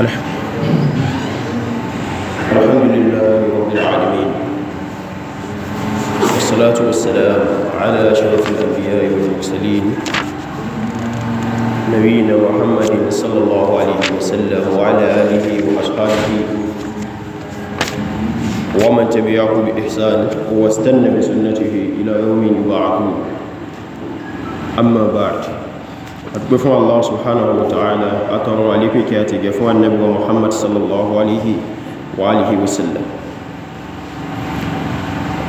الحمد والصلاة والسلام على شرف الأنبياء والمرسلين نبينا محمد صلى الله عليه وسلم وعلى آله وأصحابه ومن تبعه بإحسان واستنى بسنته إلى يوم يبعثون أما بعد àtúgbé fún Allah subhanahu wa ta'ala àtọrọ alíkù kí a ti gẹ fún annabi wa Muhammad sallallahu alaihi wa alihi wasallam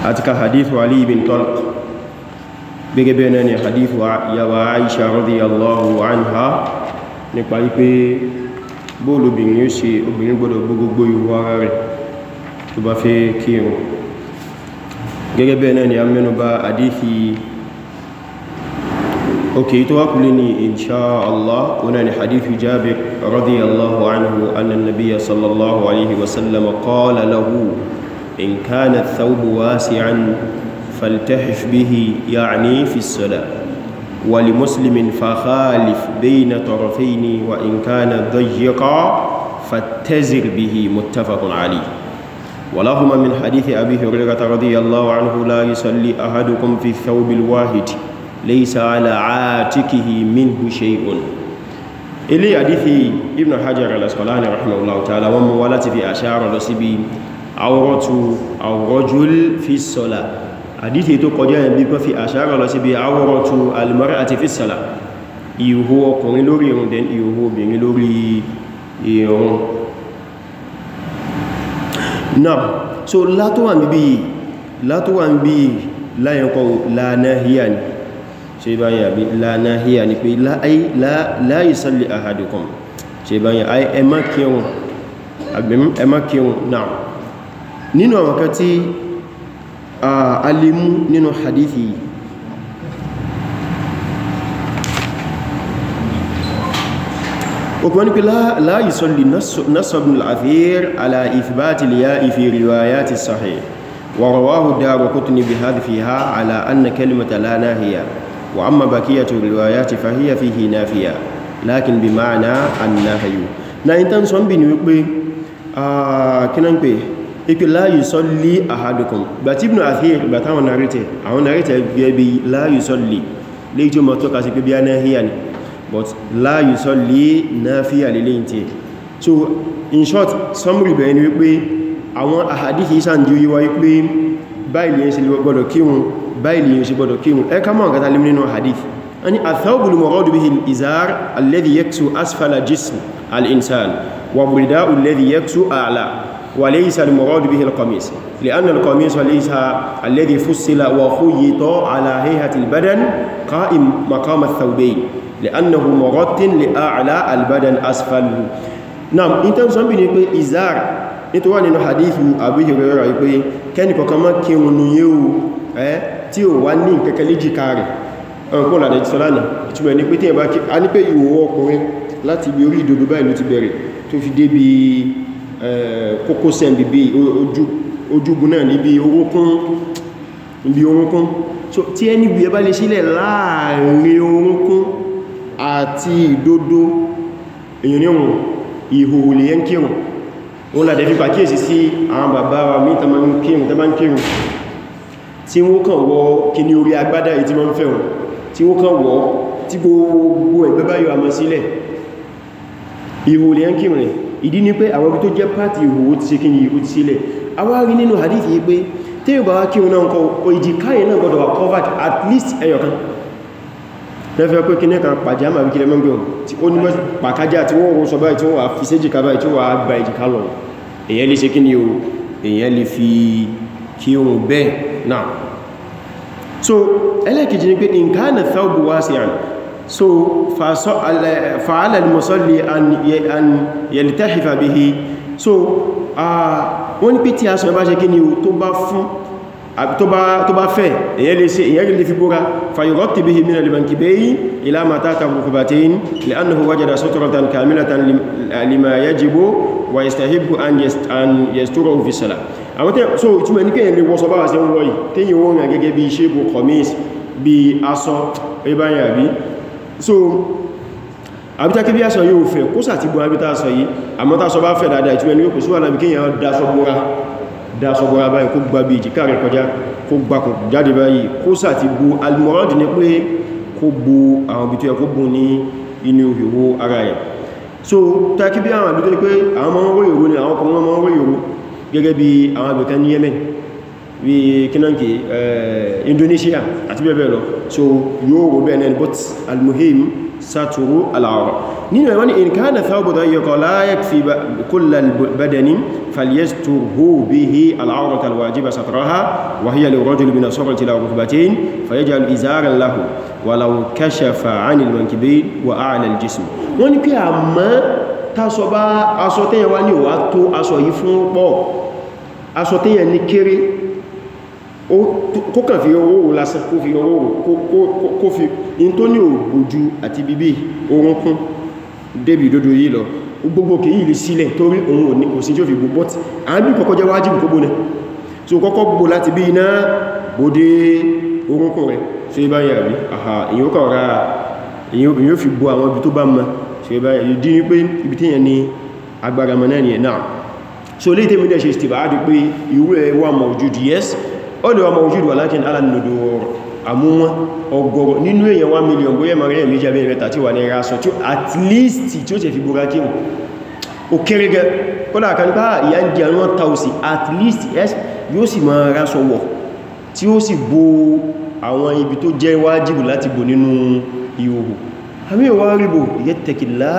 àti ka hadithu Ali bin Talq gẹ́gẹ́ bẹ́ẹ̀ náà ni hadithu yawa Aisha radiyallahu anha nípa wípé bóòlù obìnrin yóò ṣe obìnrin gbọdọ̀ gbogbo ìwọ ara rẹ̀ tó bá fẹ́ kírun gẹ́gẹ́ bẹ́ẹ̀ ni a mẹ́nu bà hadithi اوكي توكلني ان شاء الله هنا حديث جابر رضي الله عنه ان النبي صلى الله عليه وسلم قال له ان كان الثوب واسعا فالتحف به يعني في الصلاه ولمسلم فخالف بين طرفين وان كان ضيقا فاتزر به متفق عليه ولهما من حديث ابي هريره رضي الله عنه لا يصلي احدكم في الثوب الواحد laysa ala atikihi minhu shay'un ilé àdífi ibn hajar al-asqalani rahimahullahu ta'ala wọn mú wá láti fi àṣàrọ̀ lọ síbi awratu awrajul fi sọ́la àdífi tó kọjá ẹ̀bí kan fi àṣàrọ̀ lọ síbi awratu al-mar'ati fi sọ́la ìhó ọkùnrin lórí irun den ìhó obìnrin lórí irun náà so látọ́wà ń bí látọ́wà ń bí láyẹ̀kọ́ lánàá híyà ni ṣe bá yà bí lánàáhíyà ní pé láàyè sálẹ̀ àhàdùkùn ṣe bá yà ẹmá kíwọn àgbẹ̀mú ẹmá kíwọn náà nínú àwọn kan tí a lè mú nínú hadithi yìí وكمان لا لا يصلي نص بن العثير على إثبات الياء في روايات الصحيح ورواه الدار وقتني بهذا فيها على أن كلمة لا ناهية وأما بقية الروايات فهي فيه نافية لكن بمعنى النهي لا in tan so nbi ni wípé ah kinan pe ipe la yusalli ahadukum but ibn athir but àwọn narrate àwọn narrate bi bi la yusalli le jo mo to ka se pe bi anahiya ni but la yusalli nafiya le leyin ti so in short summary be ni wípé àwọn ahadithi san báyìí yẹn ṣe gbọ́dọ̀ kírun báyìí yẹn ṣe gbọ́dọ̀ kírun ẹ ká mọ̀ nǹkan tá lè mú nínú hadith ani athaubul muradu bihi al-izar alladhi yaksu asfala jism al-insan wa burida'u alladhi yaksu a'la wa laysa al-muradu bihi al-qamis li'anna al-qamis laysa alladhi fussila wa khuyita ala hay'ati al-badan qa'im maqam ath-thawbayn li'annahu murattin li'a'la al-badan asfalahu nam intan so bi ní pé izar nítorí nínú hadithu Abu Hurairah wípé kẹ́ni kọ̀kan mọ́ kí wọn ní yíò ẹ́ tí ó wá ní kẹ́kẹ́ léjì káàrẹ̀ ọ̀pọ̀ làdẹ̀ sọ́lánà ìtumọ̀ ní pé tí ẹ̀bá kí a ní pé ìwò ọkùnrin láti ibi orí ìdòdó báyìí ló ti bẹ̀rẹ̀ tó fi dé bí kókósẹ̀ bíbí ojúgun náà níbi orúnkún tí ẹni bí ẹbá lè yẹn kírùn òun làdẹ̀ fi pàkíyèsí sí àwọn bàbá wa mítà ma ń kírùn tẹ́bá ń kírùn tí wọ́n kàn wọ kí ní orí agbádá èyí tí ma ń fẹ́ wọn tí wọ́n kàn wọ tí gbogbo ẹgbẹ́ báyọ̀ àmọ́ sílẹ̀ ìhò lè ń kírùn ìdí ni pé àwọn tó jẹ́ pàtì ìhò ó ti ṣe kí ní ìhò ti sílẹ̀ awárí nínú hadith yìí pé tí yóò bá wá kírùn náà kọ ìdí káyẹ náà gbọdọ̀ wà covered at least ẹyọkan lẹ́fẹ́ pé kí ní kan pàjámà wíkílẹ̀ mọ́gbọ̀n tí ó ní mọ́ pàkájá tí wọ́n wọ́n sọ báyìí tí wọ́n wà fi séjìká báyìí tí wọ́n wà gba ìjìká lọ́wọ́ èyàn lè ṣe kí ni o èyàn lè fi kí ohun bẹ́ẹ̀ náà so ẹlẹ́kìjì ni pé in kana thawbu wasi'an so fa'ala al-musalli an yaltahifa bihi so ah, wọ́n ni pé tí aṣọ ẹbá ṣe kí ni o tó bá fún àbí tó bá fẹ́ èyẹ́ lè fi bóra fàyọ̀rọ̀tì bí hìmínà lèmọ̀kìbéyí ìlàmàtàkà rukubatain lẹ́annahu wajada sọ́tọ̀rọ̀tàn kàmílàtàn lima yajibu wa yastahibu an yasturo fi sala àwọn tẹ́ so ìtumẹ̀ ní kẹ́yẹ̀ lè wọ́sọ bá wà sí wọ́yí tẹ́yìn wọ́n rẹ̀ gẹ́gẹ́ bí iṣẹ́ bó kọmís bí aṣọ ẹbáyà so àbítá kí bí aṣọ yóò fẹ́ kó sàtìgbọ́n àbítá aṣọ yìí àmọ́ta aṣọ bá fẹ́ dáadáa ìtumẹ̀ ní yóò kò dásọgbọ́ra báyìí kó gbá bí ìjìká rẹ̀ kọjá kó gbá kò jáde báyìí kó sà ti bu alìmọ̀rọ̀dì ní pé kó bu àwọn ibi tó yẹ kó bu ní inú ìhòhò ara ẹ̀ so takí bí àwọn àbí tó yẹ pé àwọn mọ́ bí kínáǹkì eh, Indonesia àti bẹ́ẹ̀ lọ so yóò wò bẹ́ẹ̀ ní but al-muhim saturu al-awra nínú ẹ̀wọ́n ni in kana thawbun yaqulu la yakfi kulla al-badani falyasturhu bihi al-awrata al-wajiba satraha wa hiya lirrajuli min as-sabrati ila rukbatayn fayaj'al izaran lahu walau kashafa ni pé kó kàn fi owó wò lásán kó fi owó wò kó fi in tó ní ògbójú àti bíbí orúnkún débi dodo yìí lọ gbogbo kìí lè sílẹ̀ torí òun òní kò sí tí ó fi gbogbo tí a ń bí kọ́kọ́ jẹ́ wájìbù kó gbóná tí ó kọ́kọ́ gbogbo láti bí iná bòdé orúnkún rẹ̀ tí bá yà rí àhà èyàn kọ̀ èyàn fi gbọ́ so lè tẹ́mi dẹ̀ ṣe steve adi pé ìwé ó lè wà mawjud walakin ala nudur àmúwọn ọgọ̀rọ̀ nínú èèyàn 1 million bóyẹ̀ mara èèyàn méjì abẹ́rẹ̀ tàbí wà ní ìrásọ tí ó at least tí ó tẹ̀ fi búra kí o kéré gẹ́ kọ́lá kan bá ah, ìyá ń jẹ́ àwọn tàùsì at least yóò sì máa rásọ wọ̀ tí ó sì bo àwọn ibi tó jẹ́ wájìbù láti bò nínú ìhòhò àmì ìwárí bò yẹ́ tẹ̀kìlá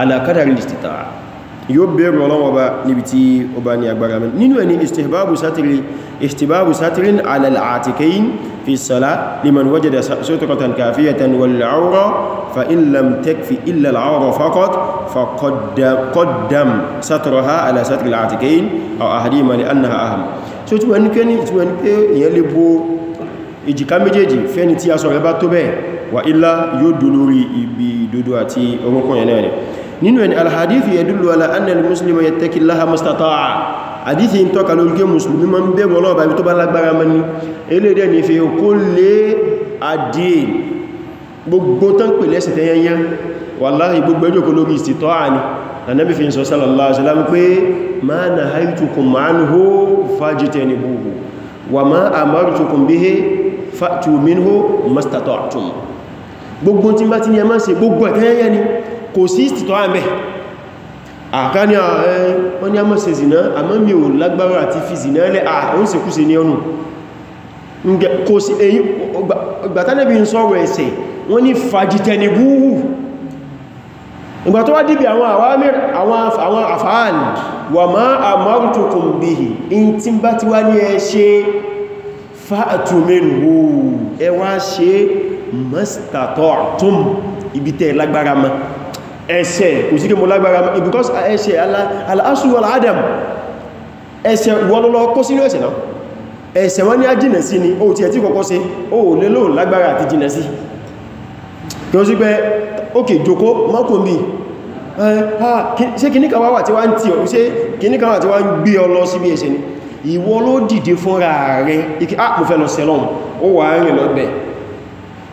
ala qadari al-istita'a yóò bẹ̀rù ọlọ́wọ́ bá níbi tí ó bá ní agbára mẹ́rin nínú ẹni istihbabu satirin alal'atikain fi sala liman wajada suturatan kafiyatan wal'aura fa illam takfi illa al'aura faqat fa qaddam saturaha ala satir al'atikain aw ahadima li annaha aham so tí wọ́n kẹ́ni tí wọ́n pé ìyẹn lè bo ìjìká méjèèjì fẹ́ni nínú ẹni alhadithi yadullu ala anna al-muslima yattaqillaha mastata'a hadithi ń tọ́ka lórí gé musulmi ma ń bẹ̀rù ọlọ́ọ̀bá ibi tó bá lágbára mẹ́ni eléèdẹ́ ni fi kó lé àdíè gbogbo tán pè lẹ́sì tẹ́yẹnyẹ wallahi gbogbo ẹjọ́ kó lórí ìsìtọ́ àní lànàbí fi ń sọ sallallahu alaihi wasallam pé ma nahaytukum anhu fajtanibuhu wa gbogbo tí bá ti ní ẹmá ṣe gbogbo ẹ̀kẹ́yẹ e ni kò sí ìsìtọ́ àmẹ́ àká ní ààrẹ wọ́n ní a mọ́ ṣe zìná àmọ́ mi ò lágbára àti fi zìná lẹ́ àwọn sì kú sí ní ọnù kò sí èyí gbàtánẹ́bí ń sọ́rọ̀ ẹ̀sẹ̀ wọ́n ní fàjítẹni búhù ìgbà tó wá dìbì àwọn àwọn àfáàlì wà máa àmárùtùkùn bìhì in tí ibi tẹ́ lágbára máa ẹ̀ṣẹ̀ kò sí kí mo lágbára because ẹ̀ṣẹ̀ aláṣù wọ́n adam ẹ̀ṣẹ̀ wọ́n lọ́lọ́ kó sínú ẹ̀ṣẹ̀ náà ẹ̀ṣẹ̀ wọ́n ní a jìnà sí ni o ti ẹ̀ tí kọ́kọ́ sí o lè lò lágbára àti jìnà sí kí ó sí pé ókè jòkó mọ́kùnbí ṣe kìníkà wà tí wá ń tí ọ̀ ṣe kìníkà wà tí wá ń gbé ọ lọ síbi ẹ̀ṣẹ̀ ni ìwọ ló dìde fúnra rẹ̀ ikí ah mo fẹ́ lọ sẹ́lọ́m ó wà rìn lọ́gbẹ̀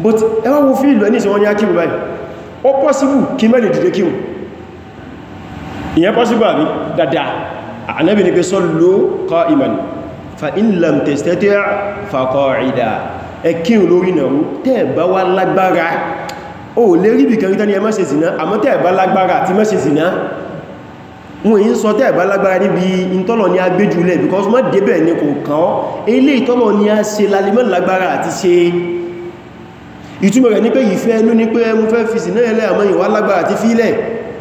but ẹwà wo fíìlú ẹni ìṣẹ́ wọ́n ní á kí ó pọ́síbù kí mẹ́lẹ̀ dìde kí hùn ìyẹn pọ́síbù àbí dáadáa ànábì ní pé sallu qa'iman fa in lam tastati' fa qa'ida ẹ kí hùn lórí ìnàwó tẹ́ẹ̀ bá wá lágbára o lè rí bí kẹrítà ní ẹmẹ́sẹ̀ àmọ́ tẹ́ẹ̀ lágbára àti ìtumọ̀ rẹ̀ ní pé ìfẹ́ ẹnú ní pé mú fẹ́ fi sí náà ẹlẹ́ àmọ́ ìwà lágbà àti fílẹ̀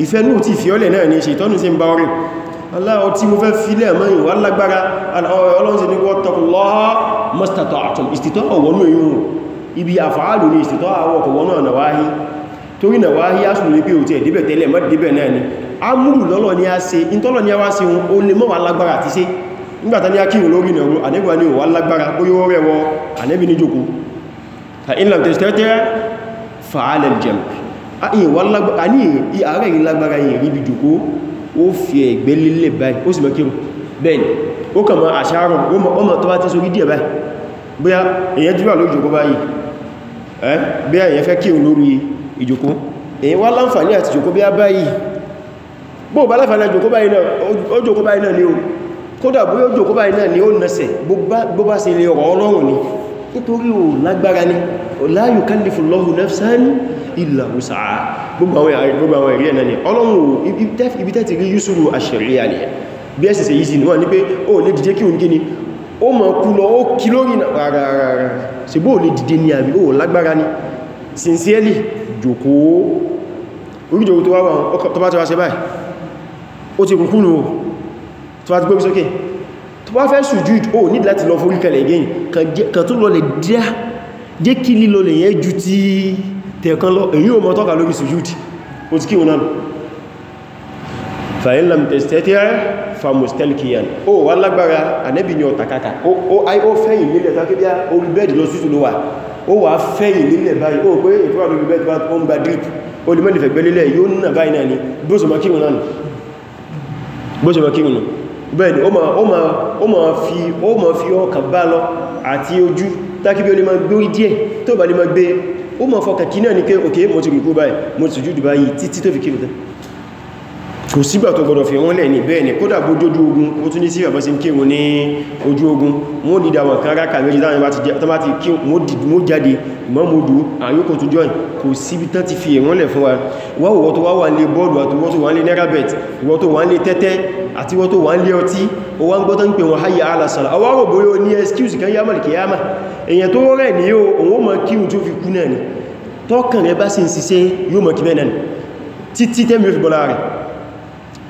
ìfẹ́ ẹnú ti fi ọlẹ̀ náà ní ṣe ìtọ́nù sí ń bá ọrẹ̀ aláwọ̀ tí mú fẹ́ fílẹ̀ àmọ́ ìwà lágbára ọlọ́run ibi àfàálù ní ìstìtọ́ àwọ̀ ọ̀wọ́nú ànàwáhí torí nàwáhí asùn lè pé òtí ẹ̀díbẹ̀ tẹ́lẹ̀ mọ́ dìbẹ̀ náà ni ni a se ni a wá sí ohun o lè mọ́ wà lágbára àti se nígbàtà ní a kírù lórí fa in lam tastati' fa 'ala al-jamb ayin wa lágbára ani are yin lágbára yin rí bí joko ó fi ẹ̀gbẹ́ lélẹ̀ báyìí ó sì mo kiru ben ó kàn mọ́ asharu ó mọ̀ ó mọ̀ tó bá ti sórí díẹ̀ báyìí bóyá eyan jura lórí joko báyìí eh bóyá eyan fẹ́ kiru lórí ìjoko eyan wá láǹfààní àti joko bóyá báyìí bó bá láǹfààní joko báyìí náà ó nítorí o lágbára ní la yukallifu Allahu nafsan illa wus'aha gbogbo àwọn ẹ̀rí ẹ̀nà ni ọlọ́run ibi tẹ́tì rí yúsùrù àṣẹ̀ríyà ni bí ẹ̀sì sẹ yìí wọ́n ní pé o lè dìde kí o gíní o mọ̀ kú lọ ó kí lórí sincerely jòkóó oríjòkó tó wá wọn tó bá ti wá ṣe báyìí tó bá fẹ́ sùjúd ó ní láti lọ forí kalẹ̀ again kan tó lọlẹ̀ díá jẹ́ kí lílọ lè yẹ ju ti tẹ̀kan lọ èyí o mọ́ tọ́ka lórí sùjúd ó ti kí o náà fàyín lam tẹ̀sẹ̀tẹ̀ famustelkian ó wà lágbára anẹ́bì ni ọ̀tàkàkà ó fẹ́yìn nílẹ̀ tàbí orí bẹ́ẹ̀dì lọ sútù ló wà ó wà fẹ́yìn nílẹ̀ báyìí ó pé ìtura lórí bẹ́ẹ̀dì bá ń bá drip ó lè mẹ́lẹ̀fẹ̀ gbẹ́lẹ́lẹ̀ yóò nà báyìí náà ni bó ṣe mọ́ kírun náà bẹ́ẹ̀ni ó ma fi ọkà bá lọ àti ojú tákí bí o lè ma gbórí díẹ̀ tó bá lè ma gbé ó ma fọkà kí náà ní pé òkè mo ti rìkú báyìí mo ti jù dùbáyìí títí tó fi kírùtẹ́ kò sígbà tó gbọdọ̀ fi wọ́n lẹ̀ ní bẹ́ẹ̀ ni kódà bó jójú ogun ó tún ní sí ẹ̀bọ́ sí ń kírun ní ojú ogun wọ́n dìdà wọn kan rákà méjì láàrin bá ti kí wọ́n jáde ìmọ́mọ́dù àyókò tó jọin kò síbi tán ti fi ẹ̀wọ́n lẹ̀ fún wa wọ́wọ́ tó wá wà lé bọ́ọ̀lù àti wọ́n tó wà lé nerabet wọ́n tó wà lé tẹ́tẹ́ àti wọ́n tó wà lé ọtí o wá ń gbọ́tọ́ ń pè wọ́n hayya ala sala awárò bóyá o ní excuse kan yamal kiyama èyàn tó rẹ̀ ní o òun mọ̀ kí o tó fi kú náà ni tọ́kàn rẹ bá sì ń ṣiṣẹ́ yóò mọ̀ kí mẹ́nà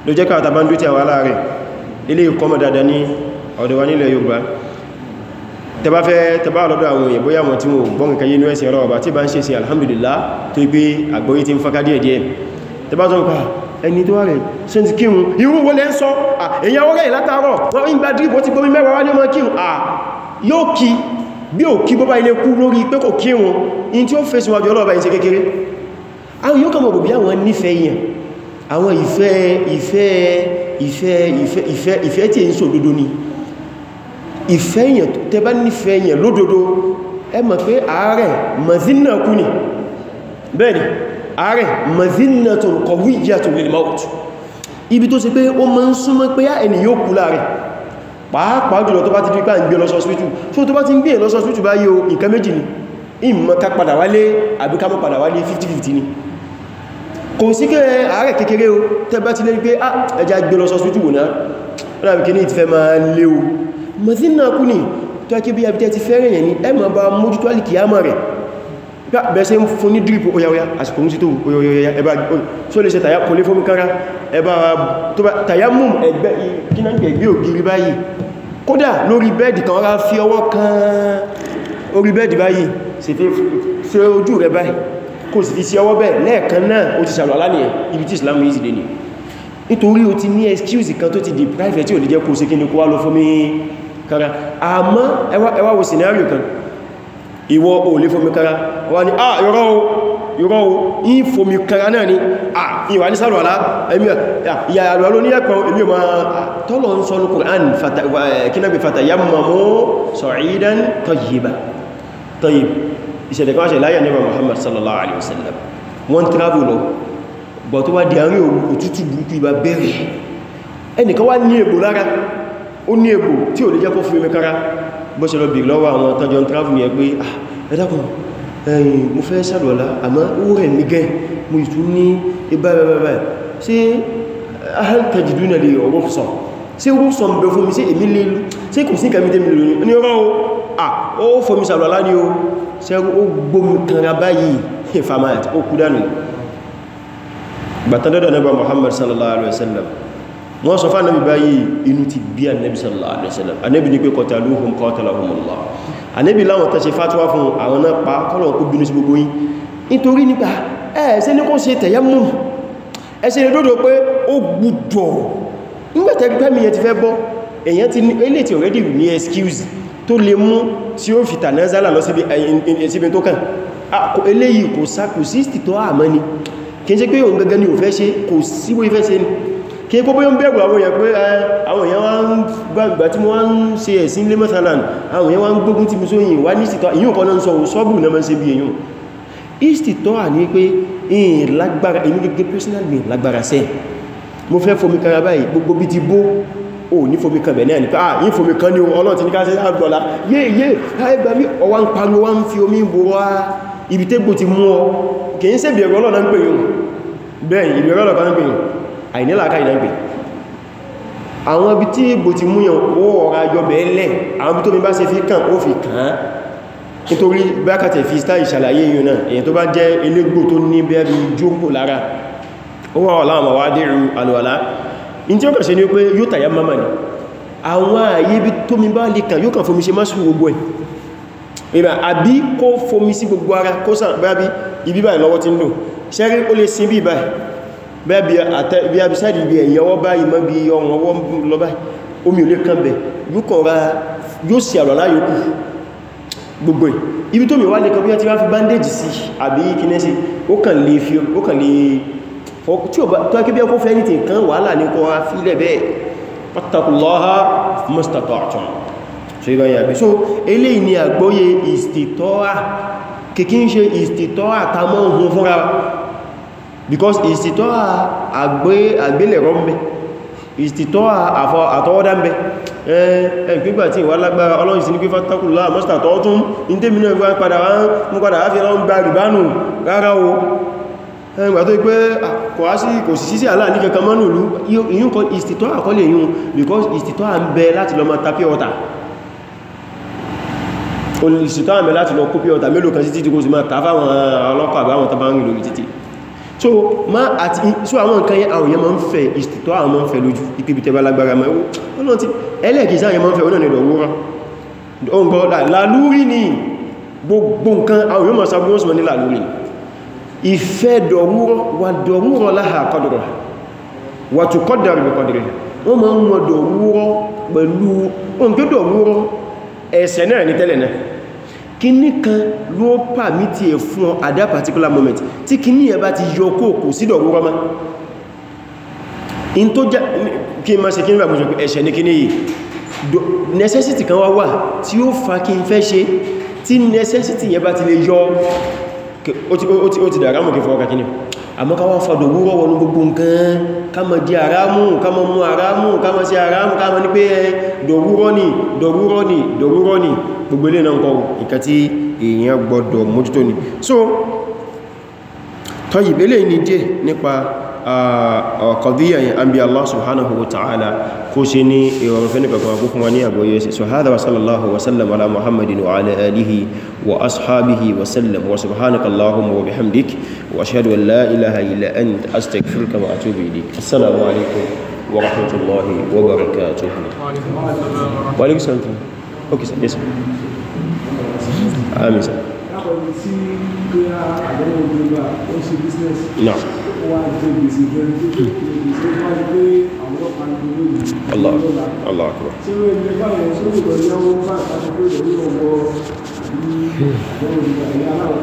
ló jẹ́ káàtà bá ń dútí àwọn aláàrẹ̀ ilé ìkọmọ̀ dada ní ọ̀dọ̀wà nílẹ̀ Yorùbá tẹbá fẹ́ tẹbá ọlọ́dọ̀ àwọn èèyàn bóyá wọn tí wọn gbọ́n nǹkan inú ẹ̀sìn ọ̀rọ̀ tí bá ń ṣe sí alhamdulillah tó gbé àgbóyí tí ń fọ́ká díẹ̀ díẹ̀ tẹbá tó ń pa ẹni tó rẹ̀ ṣe ti kírun irú wo lẹ́ ń sọ èèyàn ọ̀rẹ́ ìlátàárọ̀ wọ́n ń gba dìbò ti gbómi mẹ́wàá wá ní ọmọ kírun à yóò kí bí ò kí bọ́bá ilé kú lórí pé kò àwọn ìfẹ́ ìfẹ́ ìfẹ́ ìfẹ́ ìfẹ́ ìfẹ́ tí èyí sòdodo ni ìfẹ́ èyàn tẹbá nífẹ́ èyàn lódodo ẹ mọ̀ pé ààrẹ mazina kú ni bẹ́ẹ̀ni ààrẹ mazina tó kọ̀wíyà tó lè máwùtù ibi tó ṣe pé ó ma ń súnmọ́ pé ẹni yóò kú láàrin pàápàá jùlọ tó bá ti fi pàá ń gbé lọ sọ́sítù tó tó bá ti ń gbé lọ sọ́sítù báyìí o nǹkan méjì ni ìmọ̀ ká padà wálé àbí ká mọ́ padà wálé 50-50 ni kò sí kí ààrẹ kékeré o tẹ́bá ti lé pé ah ẹja gbé lọ sọ́sútù wò náà rábìkí ní ìtìfẹ́ máa lé o mọ̀sínà kú ní tó ẹkí bí abítẹ́ ti fẹ́rẹ̀ yẹn ni ẹ ma bá mójútó alìkìyàmọ̀ rẹ̀ bẹ̀ẹ́sẹ̀ ń fún ní drip oyaoya àsìkò ń sí tó oyaoya ẹba tó lè ṣe kò lè fómi kára ẹba tayamum ẹgbẹ́ ìgbẹ́ ògiri báyìí kódà lórí bẹ́ẹ̀dì kan rá fi ọwọ́ kan orí bẹ́ẹ̀dì báyìí ṣe ojú rẹ̀ báyìí kò sì fi sí ọwọ́ bẹ̀ lẹ́ẹ̀kan náà ó ti sàlọ̀ aláàlẹ̀ ibi tí Islam yìí ti dé ní nítorí o ti ní excuse kan tó ti di private tí ò lè jẹ́ kó ṣe kí ní kó wá lọ fún mi kára àmọ́ ẹwà scenario kan ìwọ ò lè fún mi kára wà ní ah yọ́rọ̀ o yọ́rọ̀ o yí fún mi kára náà ni ah ìwà ní sàlọ̀ alá ìyà àlọ́ ló ní ẹ̀pọ̀ èmi ò ah, tọ́lọ̀ ń sọ ní Qur'an kí náà bí fatayammamu sa'idan tayyiba ìṣẹ̀lẹ̀ kan ṣẹlẹ̀ ayànẹ́bà Muhammad sallallahu alaihi wasallam wọ́n travel lọ bọ̀ tó wá di àárín òtútù burúkú ibà bẹ̀rẹ̀ ẹnìkan wá ní èbò lára ó ní èbò tí ò lè jẹ́ kó fún mi kára bó ṣe lọ bèèrè lọ́wọ́ àwọn tọ́jọ travel yẹn pé ah, ẹ dákun ẹ̀yin mo fẹ́ sàlọ́lá àmọ́ ó rẹ̀ mí gẹ́ mo ìtú ní ibà bẹ̀bẹ̀bẹ̀ sí ahẹ́ntẹ̀jìdúnà lè ọgbọ́n sọ sí ọgbọ́n sọ ń bẹ fún mi sí èmi lè sí kò sí Ah, ó fomi sàlọ́lá ní o sẹ́rù ó gbómi kanra báyìí ìfàmáyàtì ó kú dánù gbàtàdọ́dọ̀ nẹ́bà Muhammad sallallahu alaihi wasallam wọ́n sọ fánàbí báyìí inú ti bí annabi sallallahu alaihi wasallam annabi ní pé qataluhum qatalahumullah annabi láwọn tàṣe fatuwa fún àwọn náà pa kọ́lọ̀ kó bínú sí gbogbo yín nítorí nípa ẹ̀ẹ́sẹ́ ní kó ṣe tẹ̀yẹ́mù ẹ̀ṣẹ́ ìdódò pé ó gbùdọ̀ nígbàtẹ̀ pẹ́mìyàn ti fẹ́ bọ́ èyàn ti ní eléètì already ní excuse tó lè mú tí ó fi tànázálà lọ eh, síbi tó kàn eléyìí kò sá kò sí ìtìtọ́ àmọ́ ni kí n ṣe pé òun gẹ́gẹ́ ni ò fẹ́ ṣe kò síwó ìfẹ́ ṣe ni kí n kó bóyá ń bẹ̀rù àwọn èèyàn pé eh, àwọn èèyàn wá ń gbàgbà tí wọ́n ń ṣe ẹ̀sìn lé mẹ́sàlán àwọn èèyàn wá ń gbógun ti musóyìn wá ní ìsìtọ́ ìyún kan náà sọ sọ́bù náà mẹ́sẹ̀ bí èyàn ìsìtọ́ à ní pé ìyìn lágbára èmi gẹ́gẹ́ personal mi lágbára sẹ́ mo fẹ́ fomi karabáyìí gbogbo bí ti bó o ní fomi kan bẹ̀ náà ní pé ah yí fomi kan ní ọlọ́run ti ní káṣẹ́ àgbọ́lá yé yé àìgbà mí ọwá ń pariwo wá ń fi omi ń borọ́ ibi tégbò ti mú ọ kìí ṣe bẹ̀rẹ̀ ọlọ́run ń pè yìí bẹ́ẹ̀ ìbẹ̀rẹ̀ ọlọ́run ń pè yìí àìnílàkà ìdá ń pè àwọn ibi tí egbò ti mú yàn ó ọ̀rọ̀ ayọ́bẹ̀ ẹlẹ̀ àwọn ibi tó mi bá ṣe fi kàn ó fi kàn án nítorí bákàtẹ̀ fi stá ìṣàlàyé yìí náà èyàn tó bá jẹ́ elégbò tó ní bẹ́ẹ̀ bí jókòó lára ó wà ọ̀lá àwọn àwádìí alùwàlá in tí ó kàn ṣe ní pé yóò tàyà mama ni àwọn ààyè bí tó mi bá lè kàn yóò kàn fomi ṣe má sùn gbogbo ẹ̀ ìrà àbí kó fomi sí gbogbo ara kó sàn bí ibi báyìí lọ́wọ́ ti ń lò ṣẹ́rí ó lè sin bí báyìí bí a bí sáàdì ibi ẹ̀yẹwọ́ báyìí mọ́ bí ọrùn ọwọ́ lọ báyìí omi ò lè tọ́kíbíẹ́ kó fẹ́ ní tí nǹkan wàhálà ní kọ́ afílẹ̀ bẹ́ẹ̀ pàtàkùlọ́ha mustata'tum so ibá yà bí so eléyìí ni àgbóyé istitọ́à kìkí ń ṣe istitọ́à tamọ́ ohun fúnra because istitọ́à àgbélẹ̀rọ mbẹ istitọ́à àtọwọ́dá mbẹ ẹgbígbà tí wà lágbára ọlọ́run sí ní pífà takùlọ́ mustata'tum ẹgbà tó pé kò sí sí àláà ní kankan mọ́nù ìlú ìyún kan ìstìtọ́ àkọlẹ̀ ìyún because ìstìtọ́ à ń bẹ láti lọ ma ta pí ọ̀tà ìstìtọ́ à ń bẹ láti lọ kó pí ọ̀tà mélòó kan sí títí kó sì ma ta fáwọn ọlọ́pàá àbáwọn tàbá ń lórí títí so ma àti so àwọn nǹkan yẹn àwọn yẹn ma ń fẹ́ ìstìtọ́ àwọn ma ń fẹ́ lójú ipibi tẹba lágbára ma ó ti ẹlẹ́ẹ̀kìsá yẹn ma ń fẹ́ onáà nílò owó rán lálúrí ni gbogbo nǹkan àwọn yóò ma sàbúrò sí ma ní lálúrí ni ìfẹ́ dọ̀wúrọ́ wà dọ̀wúrọ́ láhà kọdùrọ̀ wà tó kọ́dàrí bẹ̀kọ̀dìrí wọ́n ma ń wọ dọ̀wúrọ́ pẹ̀lú oúnjẹ́ dọ̀wúrọ́ ẹ̀sẹ̀ náà ní tẹ́lẹ̀ náà kíní kan ló pà mí ti ẹ̀ fún at that particular moment tí kíní ẹ̀ bá ti yọ kóòkò sí dọ̀wúrọ́ ma in tó jẹ́ kí ma ṣe kí ní ìgbàgbọ́sọ̀ ẹ̀ṣẹ̀ ní kíní yìí necessity kan wá wà tí ó fa kí n fẹ́ ṣe tí necessity yẹn bá ti lè yọ ó ti dàrámù kí fọ́ọ̀kà kí ní àmọ́ ká wá fàdò wúrọ̀ wọnú gbogbo nǹkan ká má di àrámù ká má mú àrámù ká má sí àrámù ká má ní pé dọ̀wúrọ̀ ni dọ̀wúrọ̀ ni dọ̀wúrọ̀ ni gbogbo ilé náà kọ́ ìkà èèyàn gbọdọ̀ mójútó ni so tọ́yìbélé ní díẹ̀ nípa آه، آه، قضية يعني أنبي الله سبحانه وتعالى كوشني ومفنك وكوكوكم أبو يسي هذا وصلى الله وسلم على محمد وعلى آله وأصحابه وسلم وسبحانك اللهم وبحمدك وأشهد أن لا إله إلا أنت أستغفرك وأتوب إليك السلام عليكم ورحمة الله وبركاته وعليكم السلام أوكي سلام يسمع آمين سلام نعم ó wá jẹ gbèsè bẹ̀rẹ̀ tó tó tó gbèsè ó wá gbé àwọn ọlọ́pàá ní ilé yìí. Allah Allah akbar. ṣé o ní báyọ̀ tó lè lọ yẹ́wọ́ bá àtàkùn tó lè lọ́wọ́ àbí àbẹ̀wò ìgbà ìyá aláwọ̀